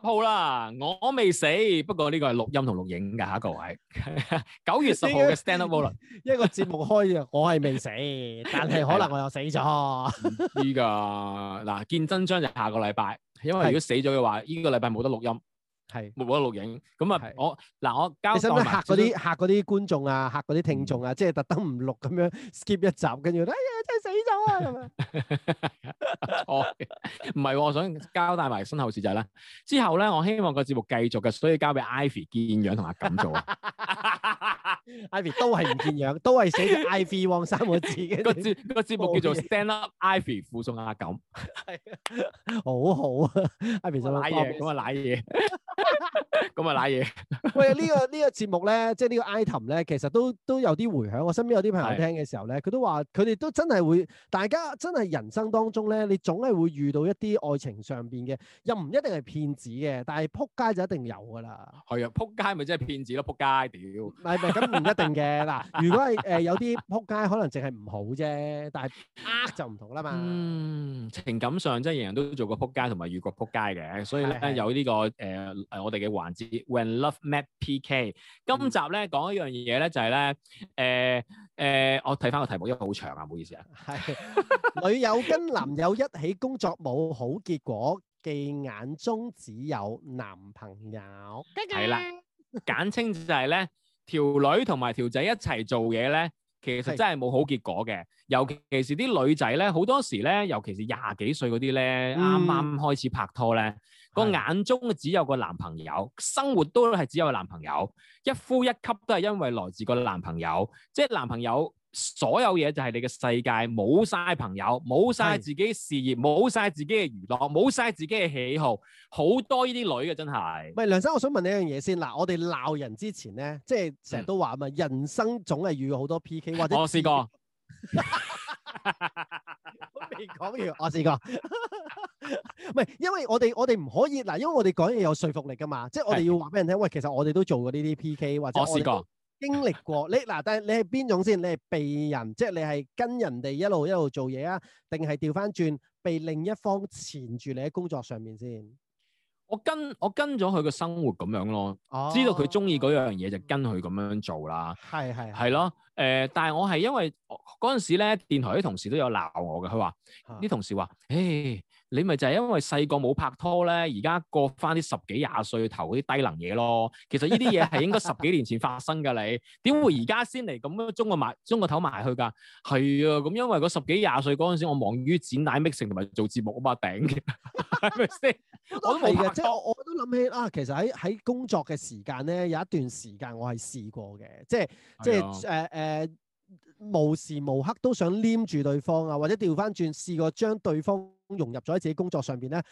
好啦，我未死，不過呢個係錄音同錄影噶 各位。九月十號嘅 stand up 啦，一個節目開嘅，我係未死， 但係可能我又死咗。依家嗱，見真章就下個禮拜，因為如果死咗嘅話，呢的個禮拜冇得錄音。係冇得錄影，咁啊我嗱我交代埋嗰啲吓嗰啲觀眾啊吓嗰啲聽眾啊，即係特登唔錄咁樣 skip 一集，跟住哎呀真係死咗啊咁啊！哦唔係，我想交代埋身後事就係咧，之後咧我希望個節目繼續嘅，所以交俾 ivy 見樣同阿錦做啊。ivy 都係唔見樣，都係寫 ivy 王三個字嘅。個節個節目叫做 stand up ivy，附送阿錦。係啊，好好啊！ivy 就攋嘢，咁啊攋嘢。咁啊，瀨嘢！喂，呢個呢個節目咧，即係呢個 item 咧，其實都都有啲回響。我身邊有啲朋友聽嘅時候咧，佢都話佢哋都真係會，大家真係人生當中咧，你總係會遇到一啲愛情上面嘅，又唔一定係騙子嘅，但係扑街就一定有噶啦。係啊，扑街咪即係騙子咯，扑街屌。唔係唔係，咁唔一定嘅。嗱，如果係誒有啲扑街，可能淨係唔好啫，但係就唔同啦嘛。嗯，情感上即係人人都做過扑街同埋遇過扑街嘅，所以咧有呢個誒。誒，我哋嘅環節《When Love Met PK》今集咧，講一樣嘢咧，就係咧誒誒，我睇翻個題目，因為好長啊，唔好意思啊。係女友跟男友一起工作冇好結果，忌眼中只有男朋友。係啦，簡稱就係咧，條女同埋條仔一齊做嘢咧，其實真係冇好結果嘅。尤其是啲女仔咧，好多時咧，尤其是廿幾歲嗰啲咧，啱啱開始拍拖咧。個眼中只有個男朋友，生活都係只有個男朋友，一呼一吸都係因為來自個男朋友，即係男朋友所有嘢就係你嘅世界，冇晒朋友，冇晒自己事業，冇晒是自己嘅娛樂，冇晒自己嘅喜好，好多呢啲女嘅真係。喂，梁生，我想問你一樣嘢先嗱，我哋鬧人之前咧，即係成日都話啊、嗯、人生總係遇過好多 PK，或者我試過， 我未講完，我試過。 唔係， 因為我哋我哋唔可以嗱，因為我哋講嘢有說服力噶嘛，即係我哋要話俾人聽。的喂，其實我哋都做過呢啲 PK，或者我試過我經歷過。你嗱，但係你係邊種先？你係被人，即係你係跟人哋一路一路做嘢啊？定係調翻轉被另一方纏住你喺工作上面先？我跟我跟咗佢嘅生活咁樣咯，哦、知道佢中意嗰樣嘢就跟佢咁樣做啦。係係係咯，誒、呃，但係我係因為嗰陣時咧，電台啲同事都有鬧我嘅，佢話啲同事話，誒。你咪就係因為細個冇拍拖咧，而家過翻啲十幾廿歲頭嗰啲低能嘢咯。其實呢啲嘢係應該十幾年前發生噶，你點會而家先嚟咁樣中我埋中我頭埋去㗎？係啊，咁因為嗰十幾廿歲嗰陣時，我忙於剪帶 mixing 同埋做節目啊嘛，頂係咪先？我都係嘅，即係我我都諗起啊，其實喺喺工作嘅時間咧，有一段時間我係試過嘅，即係的即係誒誒。Uh, uh, 無時無刻都想黏住對方啊，或者調翻轉試過將對方融入咗喺自己工作上邊咧，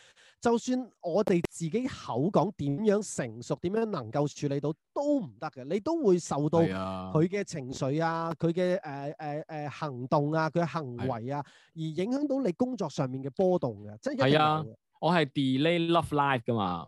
就算我哋自己口講點樣成熟，點樣能夠處理到都唔得嘅，你都會受到佢嘅情緒啊，佢嘅誒誒誒行動啊，佢嘅行為啊，而影響到你工作上面嘅波動嘅，啊，即係，係啊，我係 delay love life 噶嘛，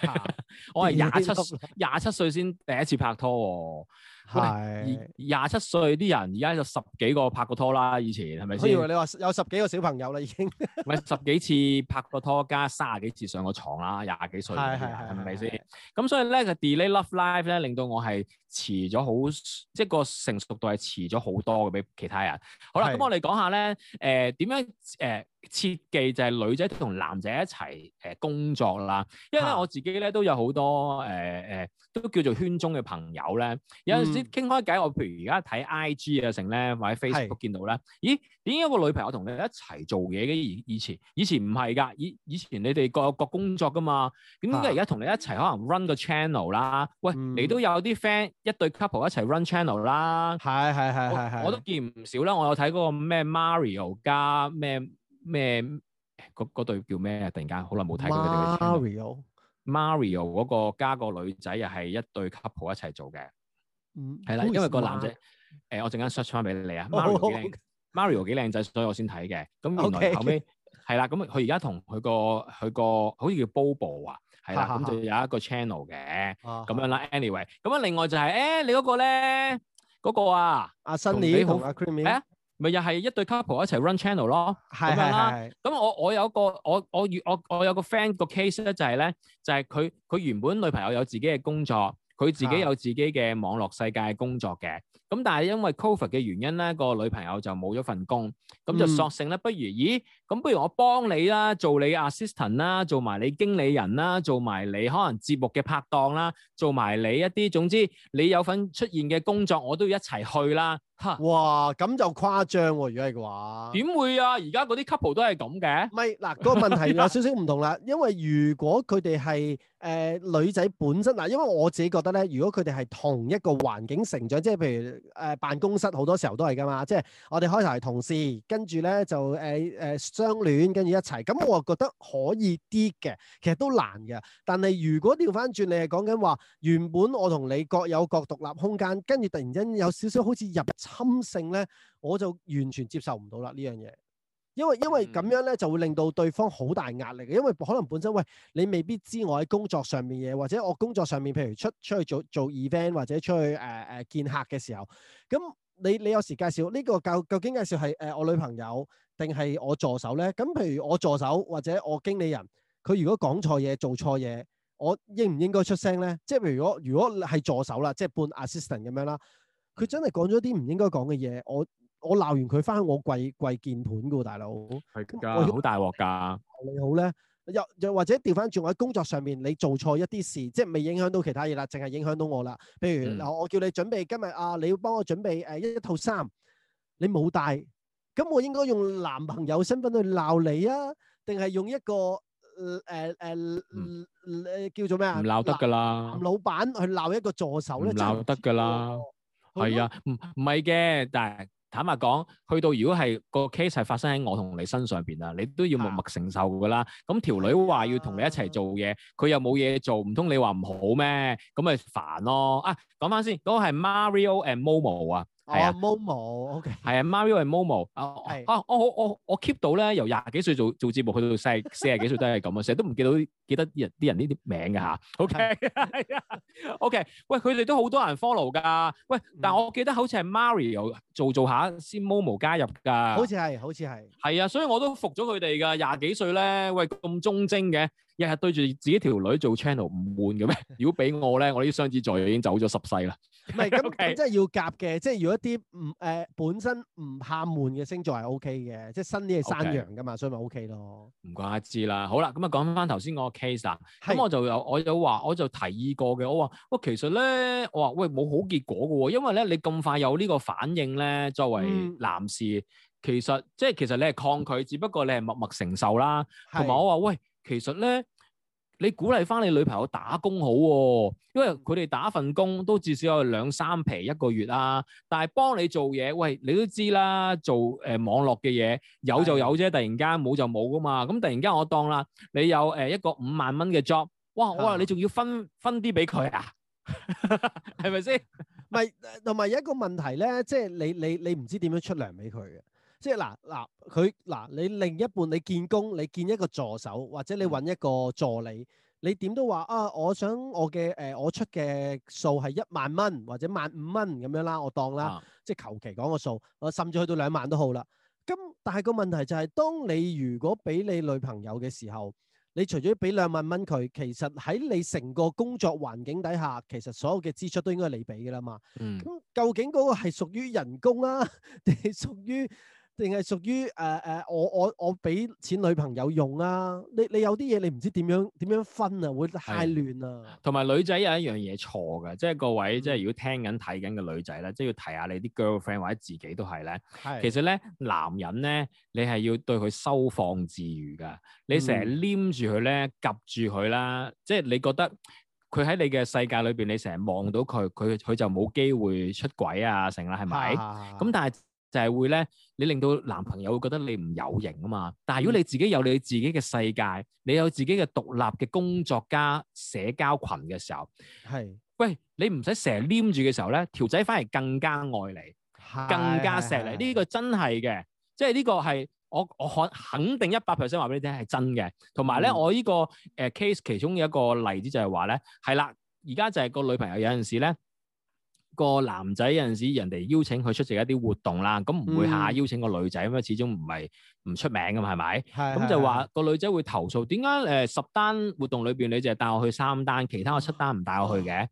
我係廿七廿七歲先第一次拍拖，啊。係廿七歲啲人而家就十幾個拍過拖啦，以前係咪先？佢以為你話有十幾個小朋友啦，已經唔係 十幾次拍過拖加卅幾次上過床啦，廿幾歲係係係，係咪先？咁所以咧，個 delay love life 咧，令到我係遲咗好，即、就、係、是、個成熟度係遲咗好多嘅比其他人。好啦，咁是我哋講下咧，誒、呃、點樣誒設計就係女仔同男仔一齊誒、呃、工作啦，因為我自己咧都有好多誒誒、呃、都叫做圈中嘅朋友咧，有陣傾開偈，我譬如而家睇 I.G 啊，成咧，或者 Facebook 見到咧，是咦？點解個女朋友同你一齊做嘢嘅？以以前，以前唔係噶，以以前你哋各有各工作噶嘛。點解而家同你一齊，可能 run 個 channel 啦。喂，嗯，你都有啲 friend 一對 couple 一齊 run channel 啦。係係係係係。我都見唔少啦。我有睇嗰個咩 Mario 加咩咩嗰對叫咩啊？突然間好耐冇睇 Mario，Mario 嗰個加個女仔又係一對 couple 一齊做嘅。嗯，係啦，因為個男仔，誒，我陣間 search 翻俾你啊，Mario 幾靚，Mario 幾靚仔，所以我先睇嘅。咁原來後屘後尾係啦，咁佢而家同佢個佢個好似叫 Bobo 啊，係啦，咁就有一個 channel 嘅，咁樣啦。Anyway，咁啊，另外就係誒，你嗰個咧，嗰個啊，阿新你好，阿 Creamy，係啊，咪又係一對 couple 一齊 run channel 咯，係係係。咁我我有個我我我我我有個 friend 個 case 咧，就係咧，就係佢佢原本女朋友有自己嘅工作。佢自己有自己嘅網絡世界工作嘅，咁但係因為 Covid 嘅原因咧，個女朋友就冇咗份工，咁就索性咧，不如咦，咁不如我幫你啦，做你 assistant 啦，做埋你經理人啦，做埋你可能節目嘅拍檔啦，做埋你一啲，總之你有份出現嘅工作，我都要一齊去啦，嚇！哇，咁就誇張喎，如果係嘅話，點會啊？而家嗰啲 couple 都係咁嘅，唔係嗱，個問題有少少唔同啦，因為如果佢哋係誒女仔本身嗱，因為我自己覺得咧，如果佢哋係同一個環境成長，即係譬如誒、呃、辦公室好多時候都係㗎嘛，即係我哋開頭係同事，跟住咧就誒誒相戀，跟住一齊，咁、嗯、我覺得可以啲嘅，其實都難嘅。但係如果調返轉，你係講緊話原本我同你各有各獨立空間，跟住突然間有少少好似入侵性咧，我就完全接受唔到啦呢樣嘢。因為因為咁樣咧，就會令到對方好大壓力嘅。因為可能本身喂，你未必知我喺工作上面嘅嘢，或者我工作上面譬如出出去做做 event 或者出去誒誒、呃、見客嘅時候，咁你你有時介紹呢、這個究究竟介紹係誒我女朋友定係我助手咧？咁譬如我助手或者我經理人，佢如果講錯嘢做錯嘢，我應唔應該出聲咧？即係譬如果如果係助手啦，即係半 assistant 咁樣啦，佢真係講咗啲唔應該講嘅嘢，我。我鬧完佢翻去我跪跪鍵盤㗎喎，大佬係㗎，好大鑊㗎。你好咧，又又或者掉翻轉我喺工作上面，你做錯一啲事，即係未影響到其他嘢啦，淨係影響到我啦。譬如嗱，我叫你準備今日啊，你要幫我準備誒一套衫，你冇帶，咁我應該用男朋友身份去鬧你啊？定係用一個誒誒誒叫做咩啊？唔鬧得㗎啦，男老闆去鬧一個助手咧，鬧得㗎啦，係啊，唔唔係嘅，但係。坦白講，去到如果係個 case 係發生喺我同你身上邊啊，你都要默默承受噶啦。咁條、啊、女話要同你一齊做嘢，佢又冇嘢做，唔通你話唔好咩？咁咪煩咯。啊，講翻先，嗰個係 Mario and Momo 啊。啊，Momo，OK，係啊，Mario 係 Momo，啊，oh, Momo, okay. 啊，oh, 我好是，我我，我，我 keep 到咧，由廿幾歲做做節目，去到四十幾歲都係咁啊，成日 都唔記得，記得人啲人呢啲名嘅吓，OK，係啊 ，OK，喂，佢哋都好多人 follow 噶，喂，但係我記得好似係 Mario 做做下先 Momo 加入噶，好似係，好似係，係啊，所以我都服咗佢哋噶，廿幾歲咧，喂，咁忠貞嘅。一係對住自己條女做 channel 唔悶嘅咩？ 如果俾我咧，我啲雙子座已經走咗十世啦。唔係咁即真係要夾嘅。即係如果啲唔誒本身唔怕悶嘅星座係 O K 嘅，即係新啲係山羊噶嘛，Okay. 所以咪 O K 咯。唔怪得知啦。好啦，咁啊講翻頭先嗰個 case 啊，咁是我就有我有話，我就提議過嘅。我話喂、啊，其實咧，我話喂冇好結果嘅喎，因為咧你咁快有呢個反應咧，作為男士、嗯、其實即係其實你係抗拒，只不過你係默默承受啦。同埋是我話喂。其實咧，你鼓勵返你女朋友打工好喎、哦，因為佢哋打份工都至少有兩三皮一個月啊。但係幫你做嘢，喂，你都知啦，做誒、呃、網絡嘅嘢有就有啫，突然間冇就冇噶嘛。咁、嗯、突然間我當啦，你有誒、呃、一個五萬蚊嘅 job，哇哇，你仲要分分啲俾佢啊？係咪先？咪同埋有一個問題咧，即、就、係、是、你你你唔知點樣出糧俾佢嘅。即係嗱嗱佢嗱，你另一半，你見工，你見一個助手或者你揾一個助理，嗯、你點都話啊，我想我嘅誒、呃、我出嘅數係一萬蚊或者萬五蚊咁樣啦，我當啦，啊、即係求其講個數，我甚至去到兩萬都好啦。咁但係個問題就係、是，當你如果俾你女朋友嘅時候，你除咗俾兩萬蚊佢，其實喺你成個工作環境底下，其實所有嘅支出都應該你俾㗎啦嘛。咁、嗯、究竟嗰個係屬於人工啊定係屬於？定係屬於誒誒，我我我俾錢女朋友用啊！你你有啲嘢你唔知點樣點樣分啊，會太亂啊。同埋女仔有一樣嘢錯㗎，即係各位即係如果聽緊睇緊嘅女仔咧，即係要提下你啲 girlfriend 或者自己都係咧。係其實咧，男人咧，你係要對佢收放自如噶。你成日黏住佢咧，及住佢啦，即係你覺得佢喺你嘅世界裏邊，你成日望到佢，佢佢就冇機會出軌啊，成啦，係咪？咁但係。就係會咧，你令到男朋友會覺得你唔有型啊嘛。但係如果你自己有你自己嘅世界，你有自己嘅獨立嘅工作加社交群嘅時候，係是，喂，你唔使成日黏住嘅時候咧，條仔反而更加愛你，的更加錫你。呢的個真係嘅，即係呢個係我我肯肯定一百 percent 話俾你聽係真嘅。同埋咧，嗯、我呢、呢個誒、呃、case 其中一個例子就係話咧，係啦，而家就係個女朋友有陣時咧。個男仔有陣時人哋邀請佢出席一啲活動啦，咁唔會下邀請個女仔，因為始終唔係唔出名㗎嘛，係咪？咁 就話個女仔會投訴，點解誒十單活動裏邊你淨係帶我去三單，其他我七單唔帶我去嘅？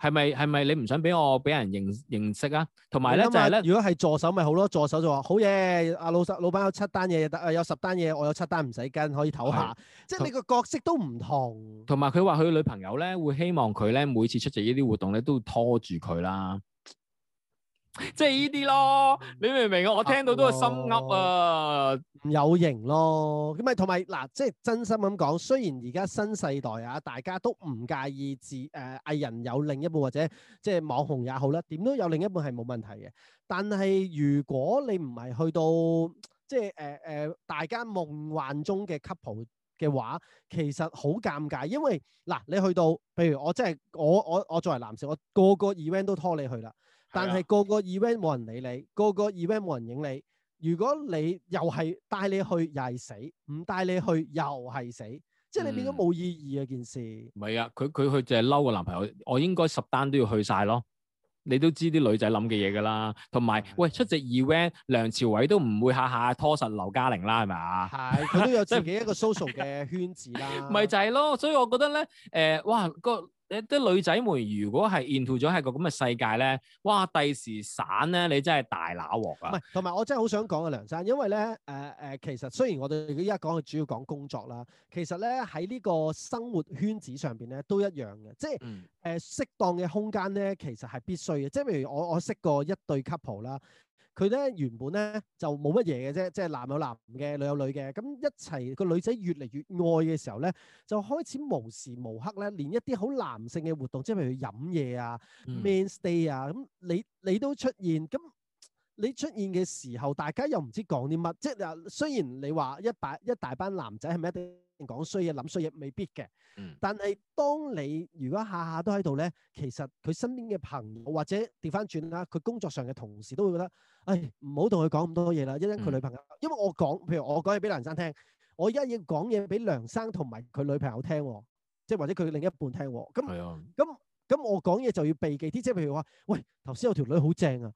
係咪係咪你唔想俾我俾人認認識啊？同埋咧就係咧，如果係助手咪好咯？ 多助手就話好嘢，阿 老實老闆有七單嘢得，誒有十單嘢，我有七單唔使跟，可以唞下， 即係你個角色都唔同。同埋佢話佢女朋友咧會希望佢咧每次出席呢啲活動咧都拖住佢啦。即係呢啲咯，你明唔明啊？我聽到都係心噏啊、嗯，有型咯。咁咪同埋嗱，即係真心咁講。雖然而家新世代啊，大家都唔介意自、誒、呃、藝人有另一半或者即係網紅也好啦，點都有另一半係冇問題嘅。但係如果你唔係去到即係誒誒，大家夢幻中嘅 couple 嘅話，其實好尷尬。因為嗱，你去到，譬如我真、就、係、是、我我我作為男士，我個個 event 都拖你去啦。但係個個 event 冇人理你，個個 event 冇人影你。如果你又係帶你去又係死，唔帶你去又係死，即係你變咗冇意義嘅、啊嗯、件事。唔係啊，佢佢佢淨係嬲個男朋友，我應該十單都要去晒咯。你都知啲女仔諗嘅嘢㗎啦。同埋的喂出席 event，梁朝偉都唔會下下拖實劉嘉玲啦，係咪啊？係，佢都有自己一個 social 嘅圈子啦。咪 就係咯，所以我覺得咧，誒、呃，哇個～你啲女仔們，如果係 i n 咗係個咁嘅世界咧，哇！第時散咧，你真係大乸鑊啊！唔係，同埋我真係好想講啊，梁生，因為咧，誒、呃、誒，其實雖然我哋依家講嘅主要講工作啦，其實咧喺呢個生活圈子上邊咧都一樣嘅，即係誒、嗯呃、適當嘅空間咧，其實係必須嘅。即係譬如我我識個一對 couple 啦。佢咧原本咧就冇乜嘢嘅啫，即係男有男嘅，女有女嘅，咁一齊個女仔越嚟越愛嘅時候咧，就開始無時無刻咧，連一啲好男性嘅活動，即係譬如飲嘢啊，men stay 啊，咁、嗯啊、你你都出現，咁你出現嘅時候，大家又唔知講啲乜，即係雖然你話一大一大班男仔係咪一啲？講衰嘢諗衰嘢未必嘅，嗯、但係當你如果下下都喺度咧，其實佢身邊嘅朋友或者調翻轉啦，佢工作上嘅同事都會覺得，唉，唔好同佢講咁多嘢啦，一陣佢女朋友，嗯、因為我講，譬如我講嘢俾梁生聽，我而家要講嘢俾梁生同埋佢女朋友聽，即係或者佢另一半聽，咁，咁咁、啊、我講嘢就要避忌啲，即係譬如話，喂，頭先有條女好正啊。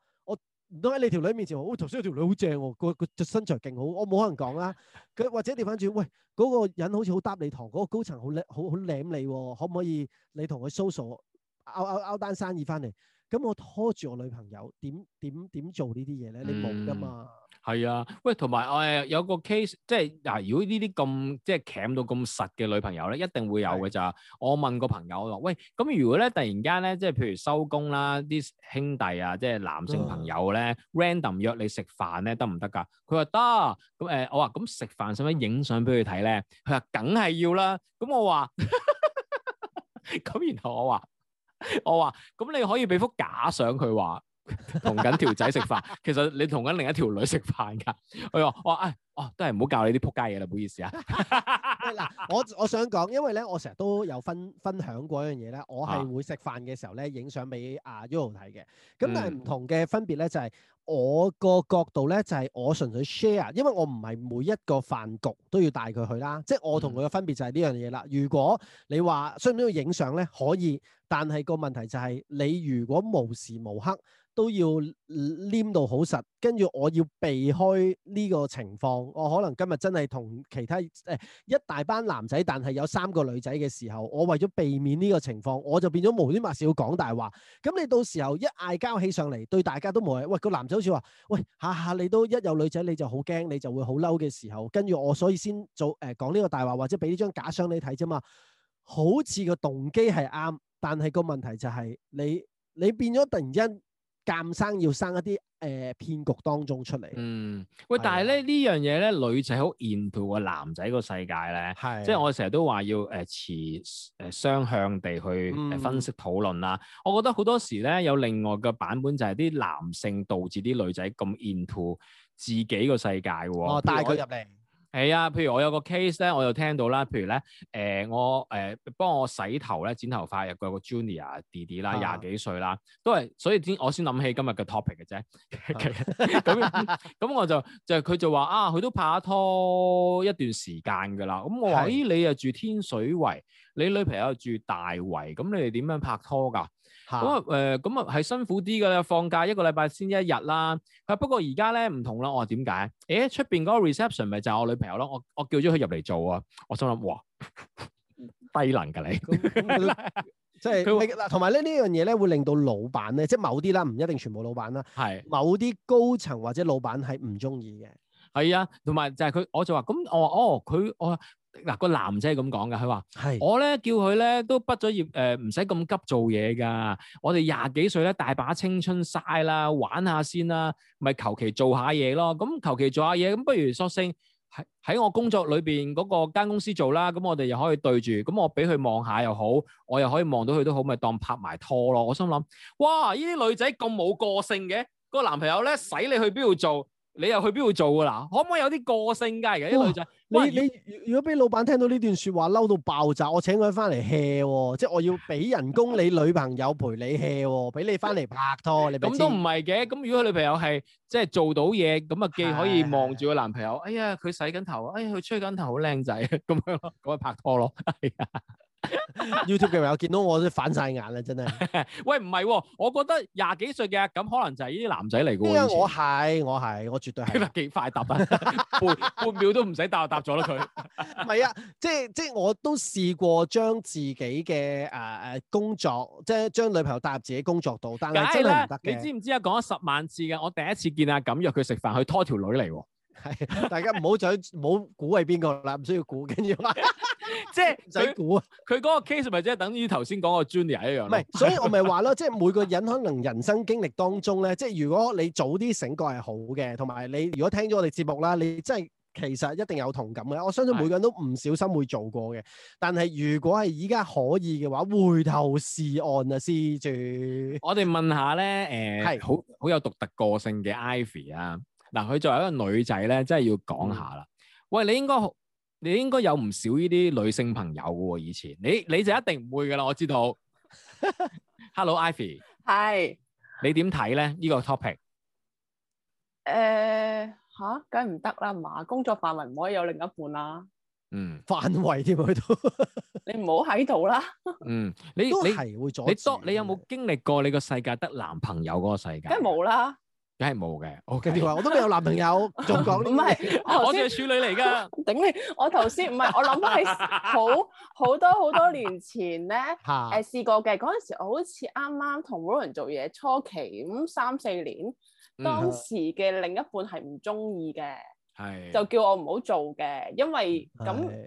都喺你條女面前，我頭先有條女好正喎、啊，個身材勁好，我冇可能講啦、啊。佢或者調翻轉，喂，嗰、那個人好似好搭你堂，嗰、那個高層好叻，好好舐你、啊，可唔可以你同佢 social，勾勾勾單生意翻嚟？咁我拖住我女朋友，點點點做呢啲嘢咧？嗯、你冇噶嘛？係啊，喂，同埋誒有、哎、有個 case，即係嗱、啊，如果呢啲咁即係夾到咁實嘅女朋友咧，一定會有嘅咋的？我問個朋友我話，喂，咁如果咧突然間咧，即係譬如收工啦，啲兄弟啊，即係男性朋友咧、嗯、，random 約你食飯呢行行、啊啊嗯、食飯咧，得唔得㗎？佢話得。咁誒，我話咁食飯使唔使影相俾佢睇咧？佢話梗係要啦。咁我話，咁 然後我話，我話，咁你可以俾幅假相佢話。同緊條仔食飯， 飯 其實你同緊另一條女食飯噶。佢話：， 我、哎、啊，哦，都係唔好教你啲撲街嘢啦，唔好意思啊。嗱， 我我想講，因為咧，我成日都有分分享過一樣嘢咧，我係會食飯嘅時候咧，影相俾阿 Yoyo 睇嘅。咁但係唔同嘅分別咧，就係、是。嗯我個角度咧，就係、是、我純粹 share，因為我唔係每一個飯局都要帶佢去啦。即係我同佢嘅分別就係呢樣嘢啦。如果你話需唔需要影相咧？可以，但係個問題就係、是、你如果無時無刻都要黏到好實，跟住我要避開呢個情況，我可能今日真係同其他誒、哎、一大班男仔，但係有三個女仔嘅時候，我為咗避免呢個情況，我就變咗無端端要講大話，咁你到時候一嗌交起上嚟，對大家都冇謂。喂，個男仔～好似話，喂，下下你都一有女仔你就好驚，你就會好嬲嘅時候，跟住我所以先做誒、講呢個大話或者俾呢張假相你睇啫嘛，好似個動機係啱，但係個問題就係你你變咗突然之間。鑑生要生一啲誒、呃、騙局當中出嚟。嗯，喂，但係咧呢樣嘢咧，女仔好 into 個男仔個世界咧。係，即係我成日都話要誒、呃、持誒、呃、雙向地去分析、嗯、討論啦。我覺得好多時咧有另外嘅版本就係啲男性導致啲女仔咁 into 自己個世界喎、喔。哦，帶佢入嚟。係啊，譬如我有個 case 咧，我又聽到啦，譬如咧，誒、呃、我誒、呃、幫我洗頭咧、剪頭髮又個 Junior 弟弟啦，廿幾歲啦，啊、都係所以先我先諗起今日嘅 topic 嘅啫。咁咁的 我就就係佢就話啊，佢都拍拖一段時間㗎啦。咁我話咦，的你又住天水圍，你女朋友住大圍，咁你哋點樣拍拖㗎？咁啊誒，咁啊係辛苦啲㗎咧，放假一個禮拜先一日啦。不過而家咧唔同啦，我話點解？誒出邊嗰個 reception 咪就係我女朋友咯，我我叫咗佢入嚟做啊。我心諗哇嘩，低能㗎你，即係佢嗱。同埋咧呢樣嘢咧會令到老闆咧，即係某啲啦，唔一定全部老闆啦，係某啲高層或者老闆係唔中意嘅。係啊，同埋就係佢，我就話咁，我話哦，佢我。嗱、啊個男仔係咁講噶，佢話是、呃：我咧叫佢咧都畢咗業，誒唔使咁急做嘢噶。我哋廿幾歲咧，大把青春曬啦，玩下先啦，咪求其做下嘢咯。咁求其做下嘢，咁不如索性喺喺我工作裏邊嗰個間公司做啦。咁我哋又可以對住，咁我俾佢望下又好，我又可以望到佢都好，咪當拍埋拖咯。我心諗：哇！呢啲女仔咁冇個性嘅，個男朋友咧使你去邊度做？你又去邊度做噶啦？可唔可以有啲個性噶？而家啲女仔，哇因為 你要你如果俾老闆聽到呢段說話，嬲到爆炸，我請佢翻嚟 hea 喎，即係我要俾人工 你女朋友陪你 hea 喎、哦，俾你翻嚟拍拖。你咁都唔係嘅，咁、嗯、如果女朋友係即係做到嘢，咁啊既可以望住個男朋友，的哎呀佢洗緊頭，哎佢吹緊頭好靚仔，咁樣咯，咁啊拍拖咯，咯，係啊。 YouTube 嘅朋友見到我都反晒眼啦，真係。 喂，唔係、啊，我覺得廿幾歲嘅，噉可能就係呢啲男仔嚟嘅。我係，我係，我絕對係。幾 快答啊？半 半秒都唔使答，答咗啦佢。唔 係 啊，即係即係我都試過將自己嘅誒誒工作，即係將女朋友搭入自己工作度，但係真係唔得嘅。你知唔知啊？講咗十萬次嘅，我第一次見阿錦約佢食飯，去拖條女嚟喎。係 大家唔好再，唔好估係邊個啦，唔需要估，跟住話。即係你估啊？佢嗰個 case 咪即係等於頭先講個 junior 一樣？唔係，所以我咪話咯， 即係每個人可能人生經歷當中咧，即係如果你早啲醒覺係好嘅，同埋你如果聽咗我哋節目啦，你即係其實一定有同感嘅。我相信每個人都唔小心會做過嘅，的但係如果係依家可以嘅話，回頭是岸啊，師住，我哋問下咧，誒、呃，係好好有獨特個性嘅 Ivy 啊，嗱、啊，佢作為一個女仔咧，真係要講下啦。喂，你應該。你應該有唔少呢啲女性朋友噶喎，以前你你就一定唔會噶啦，我知道。Hello，Ivy。係。你點睇咧？呢個 topic？誒，吓，梗係唔得啦嘛，工作範圍唔可以有另一半啦。嗯，範圍添喺度。你唔好喺度啦。嗯，你你你多，你有冇經歷過你個世界得男朋友嗰個世界？梗係冇啦。梗係冇嘅。我跟住話我都未有男朋友，仲講唔係，我先係處女嚟噶。頂你！我頭先唔係，我諗翻起好好多好多年前咧，誒試過嘅嗰陣時，我好似啱啱同 Ron 做嘢初期咁三四年，當時嘅另一半係唔中意嘅，就叫我唔好做嘅，因為咁。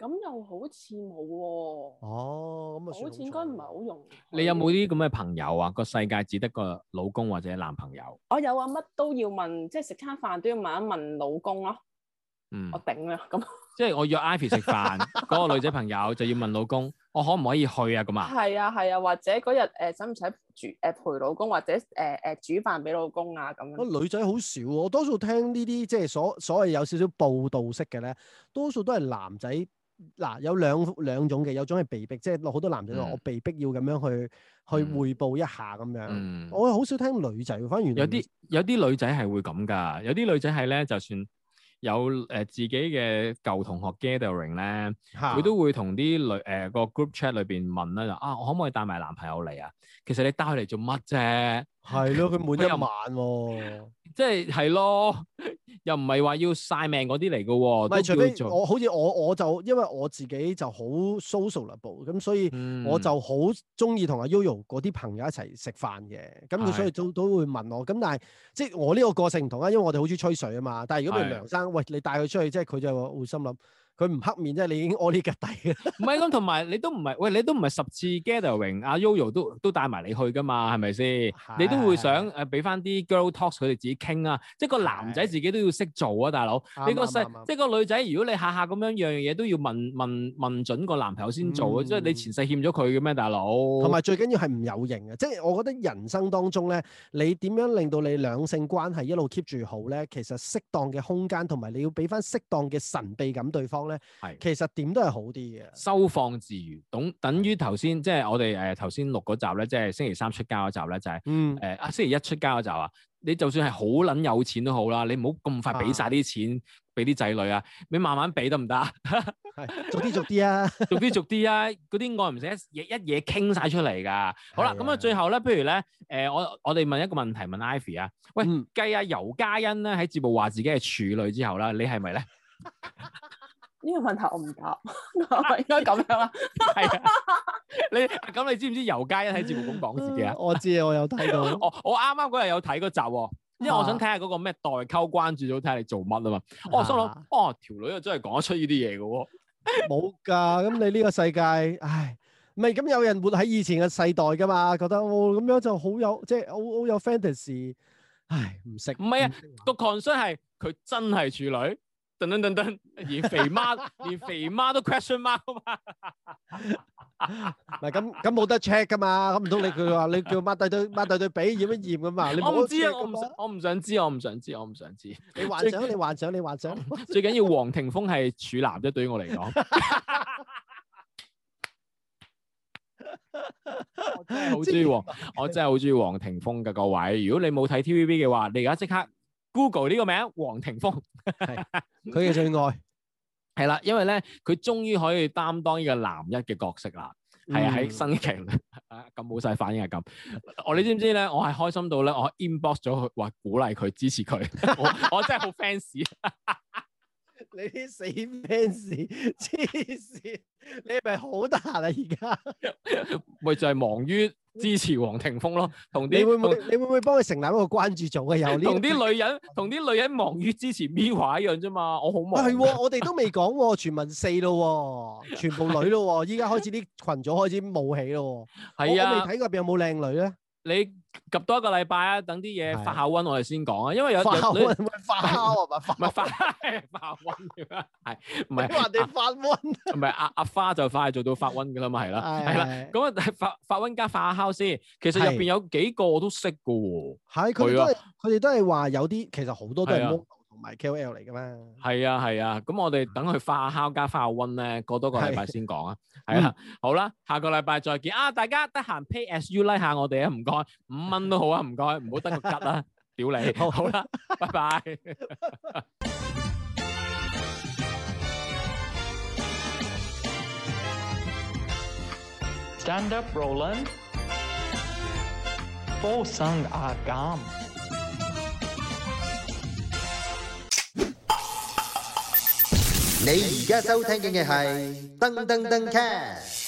咁又好似冇喎。哦，咁啊，好似應該唔係好容易。你有冇啲咁嘅朋友啊？個世界只得個老公或者男朋友。我有啊，乜都要問，即係食餐飯都要問一問老公咯。嗯。我頂啊！咁。即係我約 Ivy 食飯，嗰個女仔朋友就要問老公，我可唔可以去啊？咁啊。係啊，係啊，或者嗰日誒使唔使煮誒陪老公，或者誒誒煮飯俾老公啊？咁樣。女仔好少，我多數聽呢啲即係所所謂有少少報導式嘅咧，多數都係男仔。嗱、啊，有兩兩種嘅，有種係被逼，即係落好多男仔都話我被逼要咁樣去，嗯、去匯報一下咁樣。嗯、我好少聽女仔，反正有啲些有啲女仔係會咁噶，有啲女仔係咧，就算有誒、呃、自己嘅舊同學 gathering 咧，佢哈都會同啲女誒、呃個 group chat 裏邊問啦，啊，我可唔可以帶埋男朋友嚟啊？其實你帶佢嚟做乜啫？係咯，佢滿一晚喎，即係係咯，又唔係話要晒命嗰啲嚟嘅喎。不除非我好似我我就因為我自己就好 socialable，咁所以我就好中意同阿 Yoyo 嗰啲朋友一齊食飯嘅。咁佢所以都的都會問我。咁但係即係我呢個個性唔同啊，因為我哋好中意吹水啊嘛。但係如果係梁生，的喂，你帶佢出去，即係佢就會心諗。佢唔黑面啫，你已經屙呢個底。唔係咁，同埋你都唔係，喂，你都唔係十次 gathering，阿、啊、Yoyo 都都帶埋你去㗎嘛，係咪先？你都會想誒俾翻啲 girl talk 佢哋自己傾啊，即係個男仔自己都要識做啊，大佬。你個細，即係個女仔，如果你下下咁樣樣嘢都要問問問準個男朋友先做，啊，即係、嗯、你前世欠咗佢嘅咩，大佬？同埋最緊要係唔有型啊，即、就、係、是、我覺得人生當中咧，你點樣令到你兩性關係一路 keep 住好咧？其實適當嘅空間同埋你要俾翻適當嘅神秘感對方。係，其實都點都係好啲嘅，收放自如，懂等等於頭先，即係我哋誒頭先錄嗰集咧，即係星期三出街嗰集咧，就係、是、誒、嗯呃、星期一出街嗰集啊！你就算係好捻有錢都好啦，你唔好咁快俾晒啲錢俾啲仔女啊！你慢慢俾得唔得啊？逐啲，逐啲啊！逐啲，逐啲啊！嗰啲愛唔使得，一嘢一嘢傾晒出嚟噶。好啦，咁啊的，最後咧，不如咧，誒、呃，我我哋問一個問題，問 Ivy 啊，喂，繼阿、嗯啊、尤嘉欣咧喺節目話自己係處女之後啦，你係咪咧？ 呢個問題我唔答，係咪應該咁樣啊？係啊， 你咁你知唔知游佳欣喺節目咁講自己啊、嗯？我知，我有睇到。 我我啱啱嗰日有睇嗰集，因為我想睇下嗰個咩代溝關注組，睇下你做乜啊嘛。啊我心諗，哦條女又真係講得出呢啲嘢嘅喎，冇 噶。咁你呢個世界，唉，唔係咁有人活喺以前嘅世代噶嘛，覺得我咁、哦、樣就好有，即係好好有 fantasy。唉，唔識。唔係啊，個 concern 係佢真係處女。等等等等，連肥媽連肥媽都 question mark 嘛？嗱，咁咁冇得 check 㗎嘛？咁唔通你佢話你叫擘大對擘大對比驗一驗㗎嘛？你冇知啊，我唔想，我唔想知，我唔想知，我唔想知 你幻想。你幻想，你幻想，你幻想。 最緊要黃庭鋒係處男啫，對於我嚟講。好中意黃，我真係好中意黃庭鋒嘅各位。如果你冇睇 TVB 嘅話，你而家即刻。 Google 呢個名，黃庭鋒佢嘅最愛，係啦，因為咧佢終於可以擔當呢個男一嘅角色啦，係喺、嗯、新劇咁冇晒反應係咁，我你知唔知咧？我係開心到咧，我 inbox 咗佢話鼓勵佢支持佢， 我我真係好 fans，你啲死 fans，黐線，你係咪好得閒啊？而家咪就係忙於。支持王廷鋒咯。同啲你會唔會 你會唔會幫佢成立一個關注組嘅？有同、這、啲、個、 女人，同啲女人忙於支持 Mirror 一樣啫嘛，我好忙。係、啊，我哋都未講， 全民四咯，全部女咯，依家 開始啲群組開始冒起咯。係啊， 你未睇嗰邊有冇靚女咧？你及多一個禮拜啊，等啲嘢發下溫，我哋先講啊。因為有發酵孔溫，發酵係咪？唔係是發酵，發酵溫點啊？係唔係人哋發酵？唔係阿阿花就快做到發酵溫噶啦嘛，係啦，係啦 的。咁啊，係發發酵加發酵先。其實入邊有幾個我都識噶喎。係佢都係，佢哋都係話有啲，其實好多都係。咪 K.O.L 嚟㗎嘛？係啊，係啊，咁我哋等佢化下烤加化下溫咧，過多個禮拜先講啊。係啊，好啦，下個禮拜再見啊！大家得閒 pay as you like 下我哋啊，唔該，五蚊都好啊，唔該，唔好登個吉啦，屌你！好啦，拜拜。Stand up, Roland. For some, a gun. 你而家收聽嘅係噔噔噔 cast。